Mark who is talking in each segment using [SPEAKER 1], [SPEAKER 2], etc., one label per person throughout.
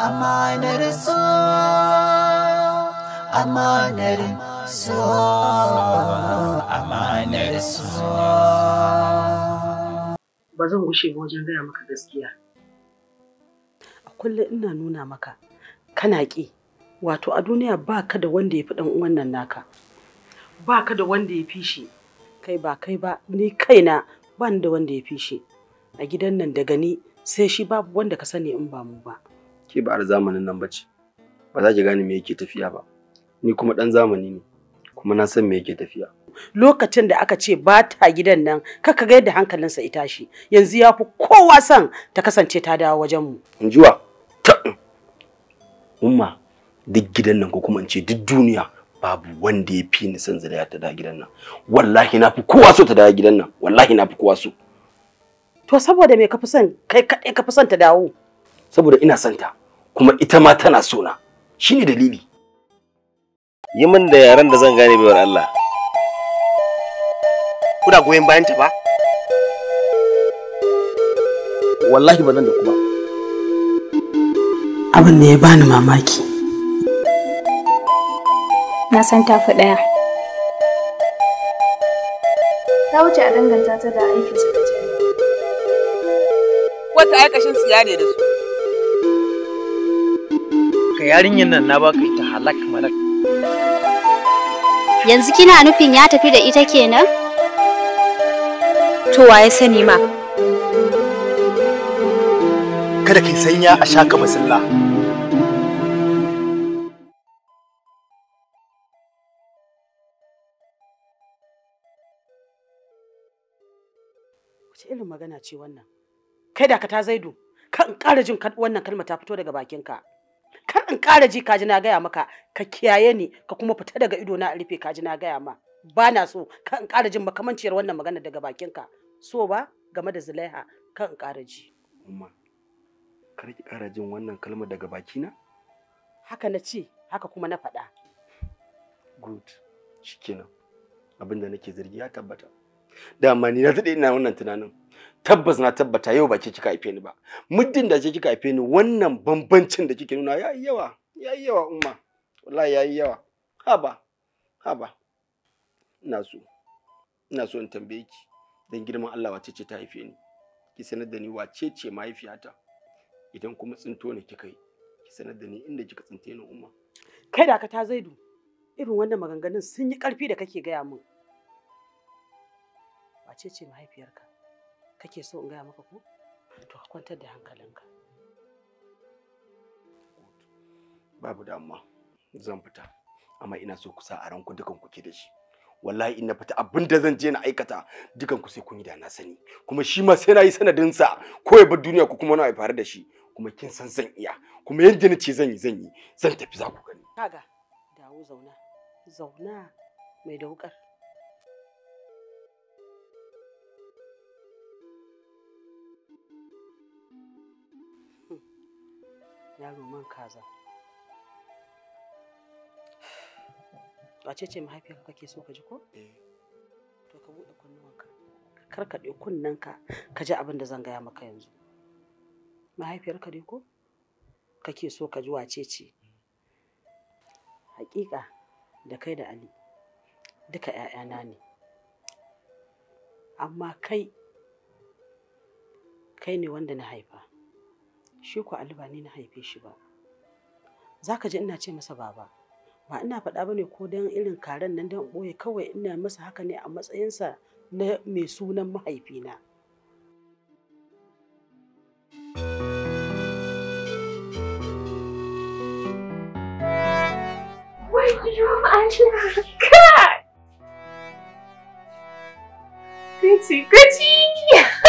[SPEAKER 1] Amanar so, amanar amanar
[SPEAKER 2] Ba zan gushe ba wajen gaya maka gaskiya.
[SPEAKER 3] A kullum ina nuna maka, kana ƙi, wato a duniya ba ka da wanda ya fi ɗan wannan naka. Ba ka da wanda ya fi shi. Kai ba kai ba, ni kaina ba da wanda ya fi shi. A gidan nan daga ni sai shi babu wanda ka sani in ba mu ba.
[SPEAKER 4] ke ba a zamanin nan bace ba za ki gane me yake tafiya ba ni kuma dan zamani ne kuma na san me yake tafiya
[SPEAKER 3] lokacin da aka ce ba
[SPEAKER 4] ta gidan nan kaka ga yadda
[SPEAKER 3] hankalinsa ya tashi yanzu ya fi kowa son ta kasance ta dawo wajen mu
[SPEAKER 4] injuwa ta mm. umma duk gidan nan ko kuma in ce duk duniya babu wanda ya fi ni son zuriya ta da gidan nan wallahi na fi kowa so ta da gidan nan wallahi na fi kowa so
[SPEAKER 3] to saboda me ka fi son kai kaɗai ka fi son ta dawo
[SPEAKER 4] saboda ina son ta kuma ita ma tana sona shine dalili yi min da yaren da zan gane baiwar Allah kuna goyon bayan ta ba wallahi bazan da kuma
[SPEAKER 2] abin da ya bani mamaki
[SPEAKER 5] na san fi daya ta wuce a danganta ta da aikin
[SPEAKER 2] sakacin
[SPEAKER 6] wata aikashin siya ne da su
[SPEAKER 2] ka yarinyar nan na baka ita halak malak yanzu kina nufin ya tafi da ita kenan to waye sani ma
[SPEAKER 4] kada kai sanya a shaka masalla
[SPEAKER 3] wace irin magana ce wannan kai da ka ta zaidu kan ƙara jin wannan kalma ta fito daga bakinka kar in ƙara ji kaji na gaya maka ka kiyaye ni ka kuma fita daga ido na rufe kaji na gaya ma ba na so kar in ƙara jin makamanciyar wannan magana daga bakinka so ba game da zulaiha kar in ƙara ji umma
[SPEAKER 4] kar ki ƙara jin wannan kalmar daga bakina
[SPEAKER 3] haka na ce haka kuma na faɗa
[SPEAKER 4] good shikenan abin da nake zargi ya tabbata dama ni na daɗe ina wannan tunanin tabbas na tabbata yau ba ke kika haife ni ba muddin da ke kika haife ni wannan bambancin da kike nuna yayi yawa yayi yawa umma wallahi yayi yawa haba haba ina so ina so in tambaye ki dan girman Allah wace ce ta haife ni ki sanar da ni wace ce mahaifiyata idan kuma tsinto ne kika yi ki sanar da ni inda kika tsinte ni umma
[SPEAKER 3] kai da ka ta zaidu irin wannan maganganun sun yi karfi da kake gaya min wace ce
[SPEAKER 4] mahaifiyarka
[SPEAKER 3] kake so in gaya maka ko to ka kwantar da hankalinka
[SPEAKER 4] babu damuwa zan fita amma ina so ku sa a ranku dukan ku ke da shi wallahi in na fita abin da zan je na aikata dukan ku sai kun yi da na sani kuma shi ma sai na yi sanadin sa ko ya bar duniya ku kuma na yi faru da shi kuma kin san zan iya kuma yadda na ce zan yi zan yi zan tafi za ku gani
[SPEAKER 3] kaga dawo zauna zauna mai da yaro man kaza wace ce mahaifiyarka kake so ka ji ko eh. to ka bude kunnuwanka kar ka dauki kunnenka ka ji abin da zan gaya maka yanzu mahaifiyarka dai ko kake so ka ji wace ce hakika da kai da ali duka ƴaƴana ne amma kai kai ne wanda na haifa shi ku Ali ba ni na haife shi ba za ka ji ina ce masa baba ba ina faɗa ba ne ko don irin karen nan don ɓoye kawai ina masa haka ne a matsayinsa na mai sunan mahaifina.
[SPEAKER 5] Kaci, kaci!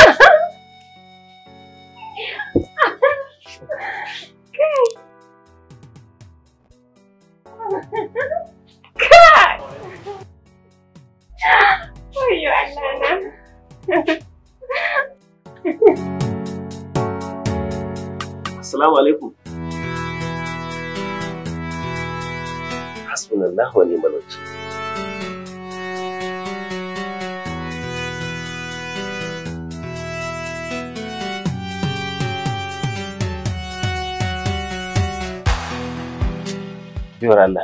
[SPEAKER 7] hasbunallahu wa ni'mal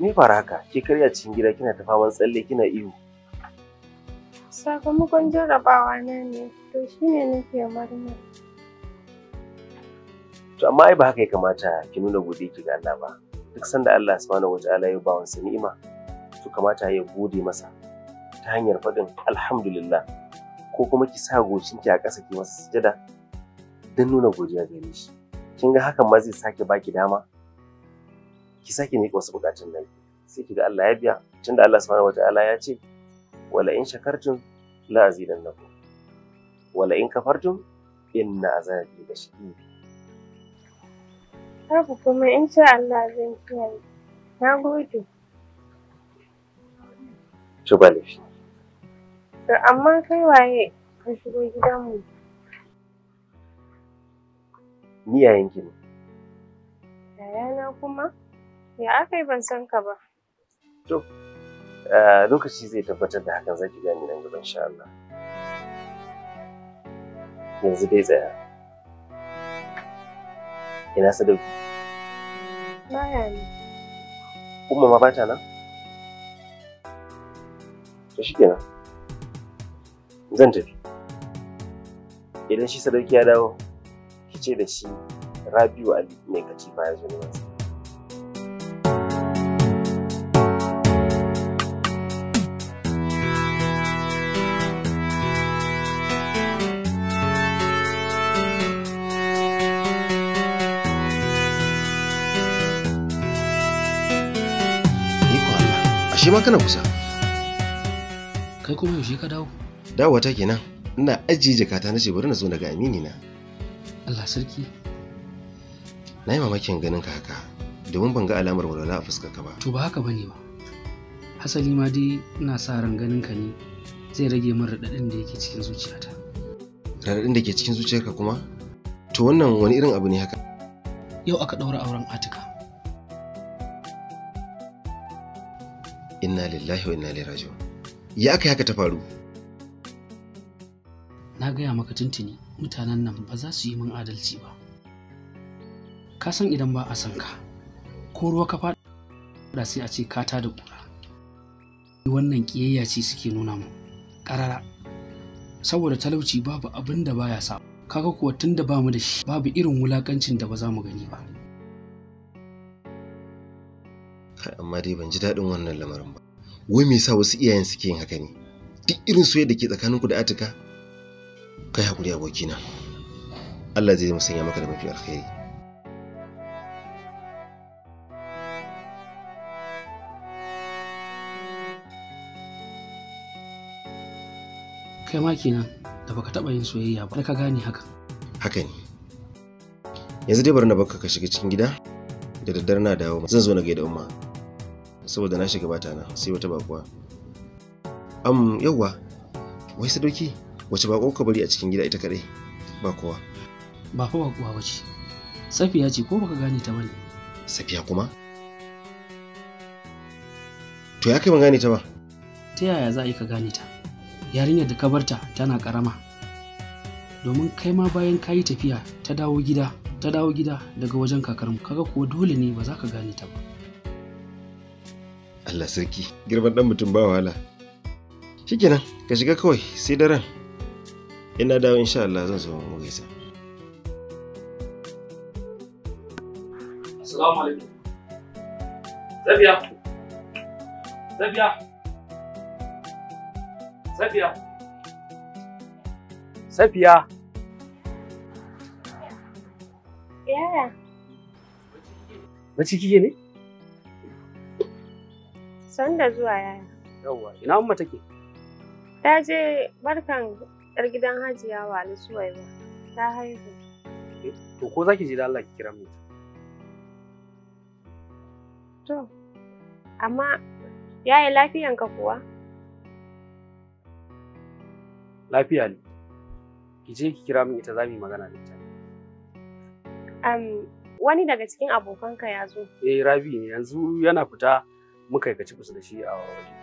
[SPEAKER 7] ni fara haka karya cikin gida kina ta tsalle kina iyo.
[SPEAKER 5] Sakamakon jarabawa na ne, to shi ne nake murna.
[SPEAKER 7] To amma ai ba haka ya kamata ki nuna gode ki ga Allah ba. duk sanda Allah subhanahu wataala ya ba wansa ni'ima to kamata ya gode masa ta hanyar faɗin alhamdulillah ko kuma ki sa ki a ƙasa ki masa sujada don nuna godiya gare shi kin ga hakan ma zai sake baki dama ki sake miƙa wasu buƙatun nan sai ki ga Allah ya biya tunda Allah subhanahu wataala ya ce wala in shakartum la azidannakum wala in kafartum inna azabi lashadid
[SPEAKER 5] babu komai insha Allah zan iya yi na gode ci ba to amma kai waye ka shigo gidanmu
[SPEAKER 7] ni yayan ki ne
[SPEAKER 5] yayana kuma ya aka yi ban san ka ba
[SPEAKER 7] to lokaci zai tabbatar da hakan zaki gani nan gaba insha Allah yanzu dai tsaya Ina sadauki? Baya ne. kuma ma bata nan? To shi kenan. Zan tafi. Idan shi sadauki ya dawo, ki ce da shi Rabiu Ali mai kacifa ya zo ne
[SPEAKER 8] ashe ma kana kusa
[SPEAKER 2] kai kuma yaushe ka dawo
[SPEAKER 8] dawo ta kenan ina ajiye jakata na ce bari na zo daga amini na Allah sarki na yi mamakin ganin ka haka domin ban ga alamar walwala a fuskar ka
[SPEAKER 2] ba to ba haka bane ba hasali ma dai ina sa ran ganin ka ne zai rage min raɗaɗin da yake cikin zuciyata
[SPEAKER 8] raɗaɗin da ke cikin zuciyarka kuma to wannan wani irin abu ne haka
[SPEAKER 2] yau aka ɗaura auren atika
[SPEAKER 8] inna lillahi wa inna ilaihi raji'un ya aka haka ta faru
[SPEAKER 2] na gaya maka tuntuni mutanen nan ba za su yi min adalci ba ka san idan ba a san ka ko ruwa ka faɗa sai a ce ka ta da ƙura wannan ƙiyayya ce suke nuna mu ƙarara saboda talauci babu abin da baya sa kaga kuwa tun da mu da shi babu irin wulakancin da ba za mu gani ba
[SPEAKER 8] amma dai ban ji daɗin wannan lamarin ba wai me yasa wasu iyayen suke yin haka ne duk irin soyayya da ke tsakaninku da atika kai hakuri abokina Allah zai musanya maka da mafi alkhairi
[SPEAKER 2] kai ma kenan da baka taba yin soyayya ba ka gane haka
[SPEAKER 8] haka ne yanzu dai bari na baka ka shiga cikin gida da daddare na dawo zan zo na gaida umma saboda na shiga bata na sai wata bakuwa am yawa wai sadauki wace bako ka bari a cikin gida ita kadai ba kowa
[SPEAKER 2] ba fa bakuwa bace safiya ce ko baka gane ta bane
[SPEAKER 8] safiya kuma to ya kai ban gane ta ba
[SPEAKER 2] ta yaya za a yi ka gane ta yarinyar da ka barta tana karama domin kai ma bayan ka yi tafiya ta dawo gida ta dawo gida daga wajen kakarmu kaga kuwa dole ne ba za ka gane ta ba
[SPEAKER 8] Allah sarki girman dan mutum ba wahala shikenan ka shiga kawai sai daren ina dawo insha Allah zan zo mu gaisa
[SPEAKER 2] Assalamu alaikum Zabiya Zabiya Zabiya Safiya Yaya Bacci kike ne?
[SPEAKER 5] San da zuwa yaya.
[SPEAKER 2] Yawwa, ina amma take?
[SPEAKER 5] Ta je barkan ƴar gidan Hajiya Wali Suwaiba. Ta haihu.
[SPEAKER 2] To ko zaki je da Allah ki kira mu?
[SPEAKER 5] To. Amma yaya lafiyanka kuwa?
[SPEAKER 2] Lafiya ne. Ki je ki kira min ita za mu yi magana da ita.
[SPEAKER 5] Um, wani daga cikin abokanka ya zo.
[SPEAKER 2] Eh, Rabi ne yanzu yana fita muka yi kaci kusa da shi a wajen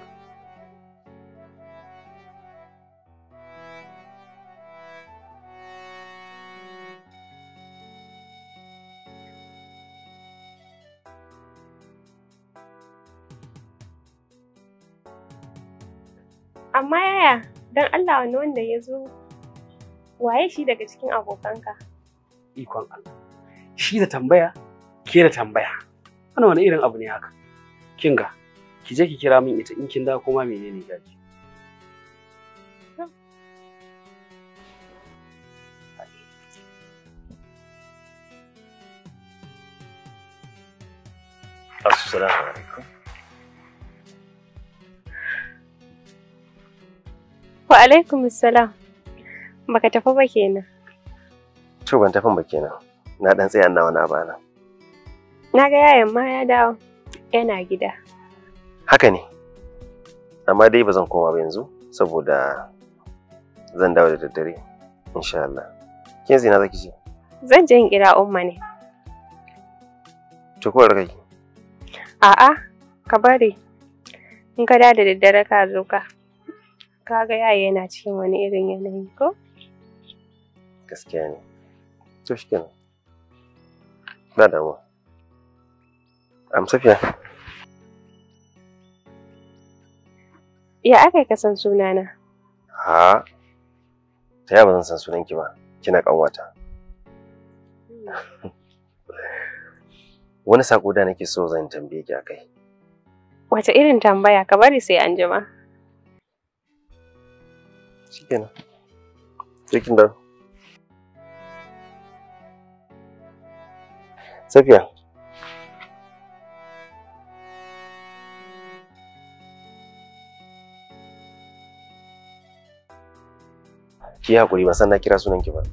[SPEAKER 5] amma yaya don Allah wani wanda ya zo waye shi daga cikin abokanka
[SPEAKER 2] ikon Allah shi da tambaya ke da tambaya wani wani irin abu ne haka kinga ki je ki kira min ita in kin da kuma menene gaji
[SPEAKER 7] Assalamu alaikum.
[SPEAKER 5] Wa alaikum assalam. Baka tafi ba kenan.
[SPEAKER 7] To ban tafin ba kenan. Na dan tsaya na wani abana.
[SPEAKER 5] Na ga yayan ma ya dawo. yana gida.
[SPEAKER 7] Haka ne, amma dai ba zan koma ba yanzu saboda zan dawo da daddare, insha Allah. Kin zina zaki ce?
[SPEAKER 5] Zan je in kira umma ne. Ta kowar kai? A'a, ka bari. In ka da daddare ka zo ka. Ka ga yaya yana cikin wani irin yanayi ko?
[SPEAKER 7] Gaskiya ne. To shi kenan. Ba damuwa. Am Safiya.
[SPEAKER 5] Ya aka ka san sunana?
[SPEAKER 7] Ha? Ta yaya ba zan san sunanki ba? Kina kanwata. Wani sako da nake so zan tambaye ki akai.
[SPEAKER 5] wata irin tambaya ka bari sai an jima.
[SPEAKER 7] Shikenan. Shikenan. Safiya, ki hakuri ba san na kira sunan ki ba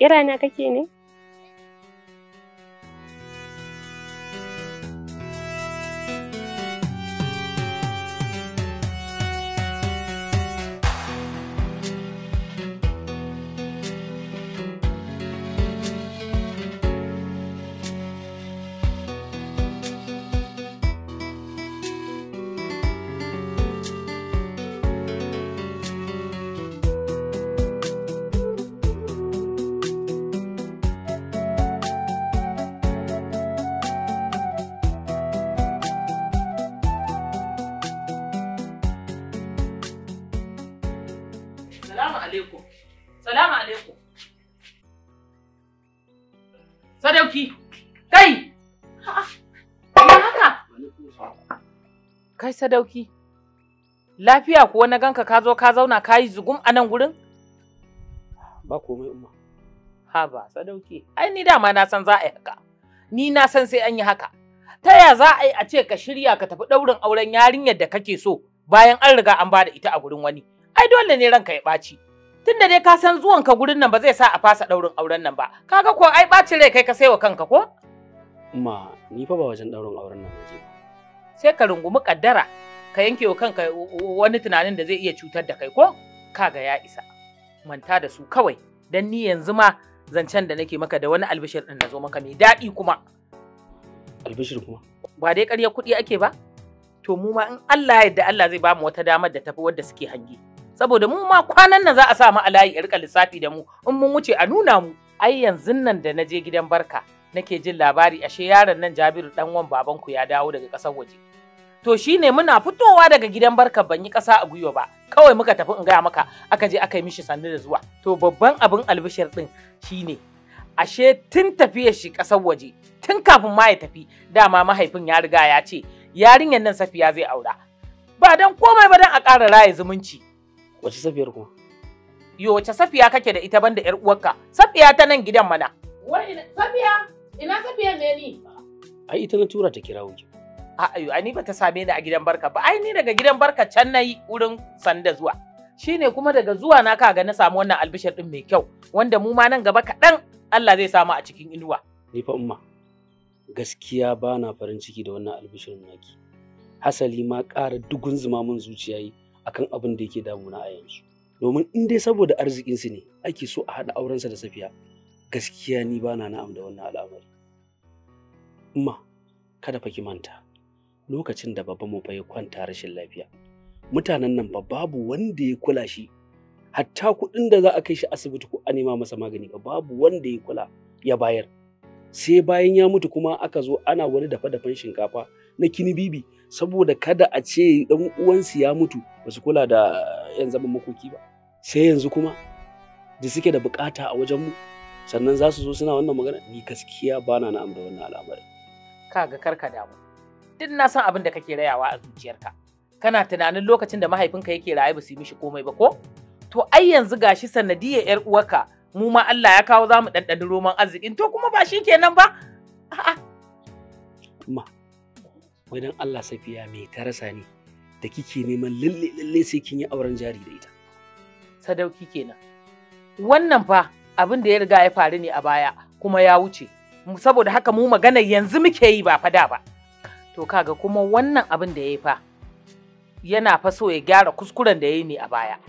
[SPEAKER 5] Kira na kake ne?
[SPEAKER 6] alaikum. Salamu alaikum. Sadauki, kai! haka? Kai sadauki, lafiya kuwa na ganka ka zo ka zauna ka yi zugum a nan gurin?
[SPEAKER 2] Ba komai umma. Ha ba
[SPEAKER 6] sadauki, ai ni dama na san za a yi haka. Ni na san sai an yi haka. Ta ya za a yi a ce ka shirya ka tafi ɗaurin auren yarinyar da kake so bayan an riga an bada ita a gurin wani. Ai dole ne ranka ya ɓaci. tunda dai ka san zuwan ka gurin nan ba zai sa a fasa daurin auren nan ba kaga ko ai bacin rai kai ka saiwa kanka ko
[SPEAKER 2] ma ni fa ba wajen daurin auren nan waje
[SPEAKER 6] sai ka rungumi kaddara ka yanke wa kanka wani tunanin da zai iya cutar da kai ko kaga ya isa manta da su kawai dan ni yanzu ma zancen da nake maka da wani albishir din na zo maka mai daɗi kuma albishir kuma ba dai ƙarya kuɗi ake ba to mu ma in Allah ya yarda Allah zai ba mu wata damar da tafi wadda suke hangi saboda mu ma kwanan nan za a sa mu a layi a rika lissafi da mu in mun wuce a nuna mu ai yanzun nan da naje gidan barka nake jin labari ashe yaron nan Jabiru dan wan babanku ya dawo daga kasar waje to shine muna fitowa daga gidan barka ban yi kasa a gwiwa ba kawai muka tafi in gaya maka aka je aka yi mishi sannu da zuwa to babban abin albishir din shine ashe tun tafiyar shi kasar waje tun kafin ma ya tafi dama mahaifin ya riga ya ce yarinyar nan safiya zai aura ba dan komai ba dan a ƙara raye zumunci
[SPEAKER 2] Wace safiyar kuma?
[SPEAKER 6] Yo, wace safiya kake da ita banda 'yar uwarka? Safiya ta nan gidan mana. Wai safiya? Ina safiya me ni?
[SPEAKER 2] Ai ita na tura ta kirawo ki.
[SPEAKER 6] A ayo, ai ni bata same ni a gidan barka ba. Ai ni daga gidan barka can nayi wurin sanda zuwa. Shine kuma daga zuwa na ga na samu wannan albishir din mai kyau wanda mu ma nan gaba kaɗan Allah zai samu a cikin inuwa.
[SPEAKER 2] Ni fa umma gaskiya ba na farin ciki da wannan albishirin naki. Hasali ma ƙara dugun zuma mun zuciya yi akan abin da yake damuna a yanzu domin in dai saboda arzikinsu ne ake so a haɗa aurensa da safiya gaskiya ni ba na na'am da wannan al'amari amma kada fa ki manta lokacin da babban fa ya kwanta rashin lafiya mutanen nan ba babu wanda ya kula shi hatta kuɗin da za a kai shi asibiti ko a nema masa magani ba babu wanda ya kula ya bayar sai bayan ya mutu kuma aka zo ana wani dafa-dafan shinkafa na kini bibi saboda kada a ce dan uwansu ya mutu ba su kula da yan zaman makoki ba sai yanzu kuma da suke da bukata a wajen mu sannan za su zo suna wannan magana ni gaskiya ba na na'am da wannan al'amarin
[SPEAKER 6] ga karka damu duk na san abin da kake rayawa a zuciyarka kana tunanin lokacin da mahaifinka yake raye ba su yi mishi komai ba ko to ai yanzu gashi sanadiyar yar uwarka mu ma Allah ya kawo za mu ɗanɗani roman arzikin to kuma ba shi kenan ba.
[SPEAKER 2] Ma, dan Allah safiya mai tarasa ne da kike neman lalle lalle sai kin yi auren jari da ita. Sadauki kenan.
[SPEAKER 6] Wannan fa abin da ya riga ya faru ne a baya kuma ya wuce. Saboda haka mu magana yanzu muke yi ba fada ba. To kaga kuma wannan abin da ya fa yana fa so ya gyara kuskuren da ya yi ne a baya.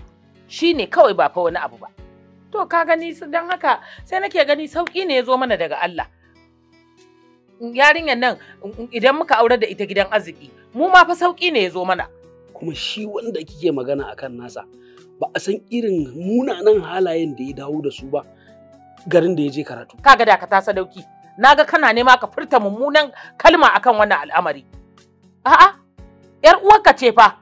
[SPEAKER 6] Shi ne kawai ba fa wani abu ba. To ka gani don haka sai nake gani sauƙi ne ya zo mana daga Allah. Yarinyar nan idan muka aurar da ita gidan arziki mu ma fa sauƙi ne ya zo mana.
[SPEAKER 2] Kuma shi wanda kike magana akan nasa ba a san irin munanan halayen da ya dawo da su ba garin da ya je karatu. ga da
[SPEAKER 6] ka ta sadauki na ga kana nema ka furta mummunan kalma akan wannan al'amari. A'a yar uwarka ce fa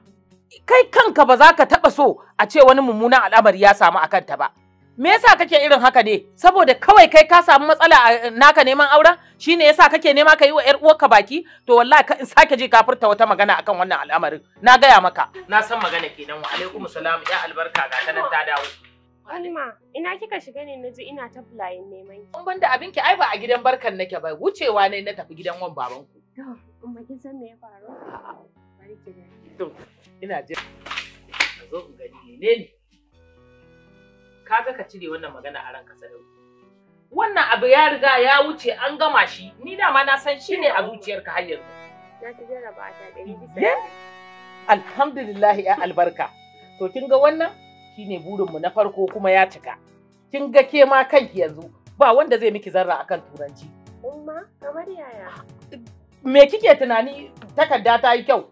[SPEAKER 6] kai kanka ba za ka taɓa so a ce wani mummunan al'amari ya samu a kanta ba. me yasa kake irin haka ne saboda kawai kai ka samu matsala a eh, naka neman auren shine yasa kake nema ka yi wa 'yar uwarka baki to wallahi ka in sake ji ka furta wata magana akan wannan al'amarin na gaya maka na san magana kenan wa alaikum salam ya albarka ga ta nan ta dawo
[SPEAKER 5] Halima, ina kika shiga ne na ji ina ta bulayin neman ki. Kun banda
[SPEAKER 6] abin ki ai ba a gidan barkan nake ba, wucewa ne na tafi gidan wan baban ku.
[SPEAKER 5] Umma kin san me ya faru?
[SPEAKER 6] Bari ki Ina je. Zo in gani menene? kaga ka cire wannan magana a ranka sadau wannan abu ya riga ya wuce an gama shi ni dama na san shi
[SPEAKER 5] ne a zuciyarka har yanzu na ci
[SPEAKER 6] ta alhamdulillah ya albarka to kin ga wannan shine burinmu na farko kuma ya cika kin ga ke ma kanki yanzu ba wanda zai miki zarra akan turanci
[SPEAKER 5] umma kamar yaya
[SPEAKER 6] me kike tunani takarda ta yi kyau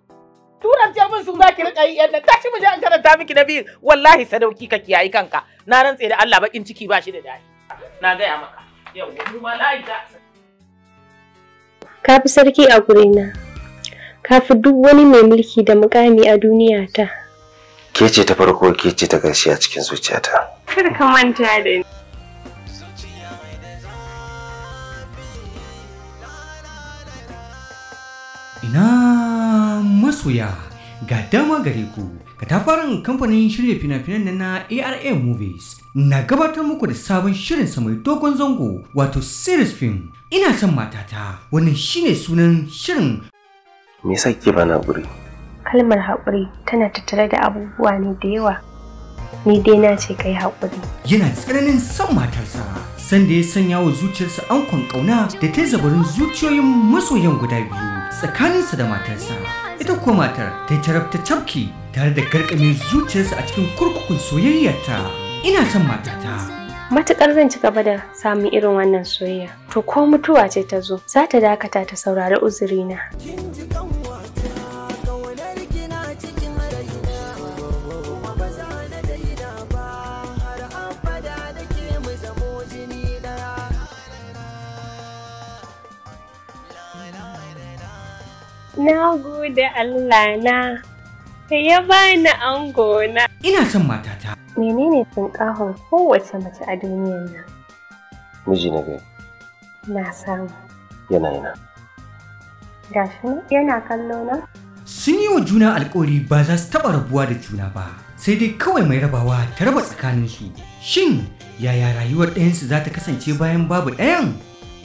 [SPEAKER 6] turance min su za ki rika yi yadda tashi mu je an karanta miki na biyu wallahi sadauki ka kiyaye kanka na rantse da Allah bakin ciki ba shi da daɗi na gaya maka yau mu ma da
[SPEAKER 5] ka fi sarki a gurina ka fi duk wani mai mulki da mukami a duniya ta
[SPEAKER 8] ke ce ta farko ke ce ta ƙarshe a cikin zuciyata
[SPEAKER 5] kar ka manta da ni
[SPEAKER 1] ina masoya ga dama gare ku katafaren kamfanin shirya fina-finan na na ARA Movies na gabatar muku da sabon shirin sa mai dogon zango wato series film ina son matata wannan shine sunan shirin
[SPEAKER 5] me
[SPEAKER 7] yasa ke bana guri
[SPEAKER 5] kalmar haƙuri tana tattare da abubuwa ne da yawa ni dai na ce kai haƙuri yana
[SPEAKER 1] tsananin son matarsa sanda ya sanya wa zuciyarsa ankon ƙauna da ta zabarin zuciyoyin masoyan guda biyu tsakaninsa da matarsa ita ko matar ta yi tarabta cafki tare da garkame zuciyarsa a cikin kurkukun soyayyarta ina son matata
[SPEAKER 5] matukar zan ci gaba da samun irin wannan soyayya to ko mutuwa ce ta zo za ta dakata ta saurari uzurina Now go. da Allah na, ka ya bani
[SPEAKER 1] ango na. Ina son
[SPEAKER 5] matata. Menene kahon kowace mace a duniyar
[SPEAKER 1] nan? Miji na gai.
[SPEAKER 5] Na samu. Yana yana. Gashi yana kallo na?
[SPEAKER 1] Sun yi wa juna alkawari ba za su taɓa rabuwa da juna ba, sai dai kawai mai rabawa ta raba tsakanin tsakaninsu. Shin yaya rayuwar ɗayansu za ta kasance bayan babu ɗayan?